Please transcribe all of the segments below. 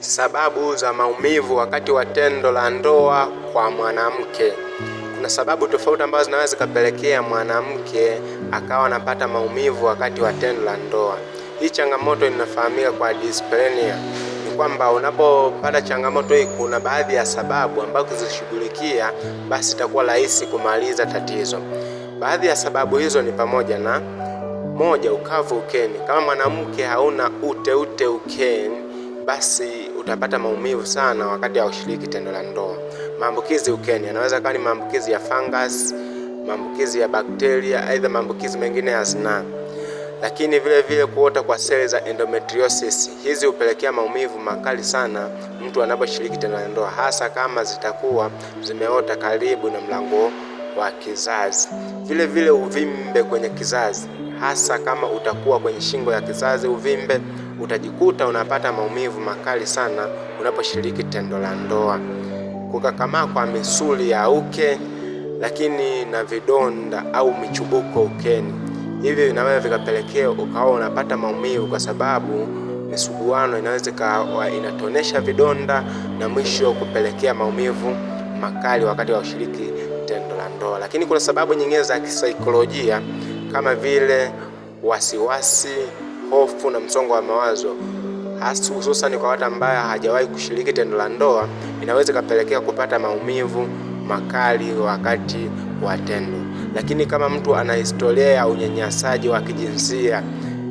Sababu za maumivu wakati wa tendo la ndoa kwa mwanamke. Kuna sababu tofauti ambazo zinaweza zikapelekea mwanamke akawa anapata maumivu wakati wa tendo la ndoa. Hii changamoto inafahamika kwa dyspareunia. Ni kwamba unapopata changamoto hii, kuna baadhi ya sababu ambazo kuzishughulikia, basi itakuwa rahisi kumaliza tatizo. Baadhi ya sababu hizo ni pamoja na moja, ukavu ukeni. Kama mwanamke hauna ute ute ukeni basi utapata maumivu sana wakati haushiriki tendo la ndoa. Maambukizi ukeni yanaweza kuwa ni maambukizi ya fungus, maambukizi ya bakteria, aidha maambukizi mengine ya zinaa. Lakini vile vile kuota kwa seli za endometriosis, hizi hupelekea maumivu makali sana mtu anaposhiriki tendo la ndoa, hasa kama zitakuwa zimeota karibu na mlango wa kizazi. Vile vile uvimbe kwenye kizazi, hasa kama utakuwa kwenye shingo ya kizazi uvimbe utajikuta unapata maumivu makali sana unaposhiriki tendo la ndoa, kukakamaa kwa misuli ya uke, lakini na vidonda au michubuko ukeni. Hivyo inaweza vikapelekea ukawa unapata maumivu kwa sababu misuguano inaweza ikawa inatonesha vidonda na mwisho kupelekea maumivu makali wakati wa ushiriki tendo la ndoa. Lakini kuna sababu nyingine za kisaikolojia kama vile wasiwasi hofu na msongo wa mawazo hasa hususan kwa watu ambao hajawahi kushiriki tendo la ndoa, inaweza ikapelekea kupata maumivu makali wakati wa tendo. Lakini kama mtu ana historia ya unyanyasaji wa kijinsia,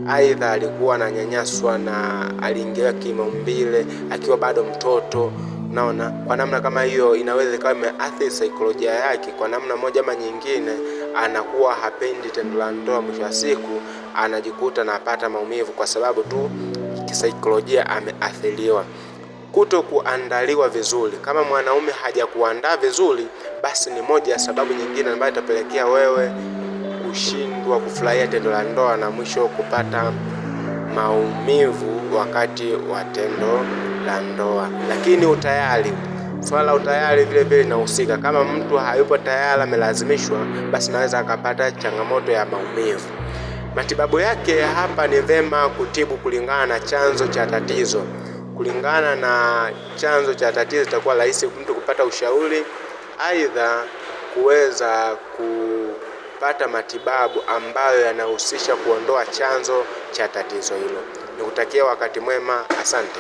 aidha alikuwa ananyanyaswa na aliingia kimaumbile akiwa bado mtoto naona kwa namna kama hiyo inaweza ikawa imeathiri saikolojia yake kwa namna moja ama nyingine anakuwa hapendi tendo la ndoa, mwisho wa siku anajikuta na apata maumivu kwa sababu tu kisaikolojia ameathiriwa. Kuto kuandaliwa vizuri, kama mwanaume hajakuandaa vizuri, basi ni moja ya sababu nyingine ambayo itapelekea wewe kushindwa kufurahia tendo la ndoa na mwisho kupata maumivu wakati wa tendo la ndoa. Lakini utayari Swala la utayari vile vile linahusika. Kama mtu hayupo tayari, amelazimishwa, basi naweza akapata changamoto ya maumivu. Matibabu yake hapa ni vema kutibu kulingana na chanzo cha tatizo. Kulingana na chanzo cha tatizo, itakuwa rahisi mtu kupata ushauri, aidha kuweza kupata matibabu ambayo yanahusisha kuondoa chanzo cha tatizo hilo. Nikutakia wakati mwema, asante.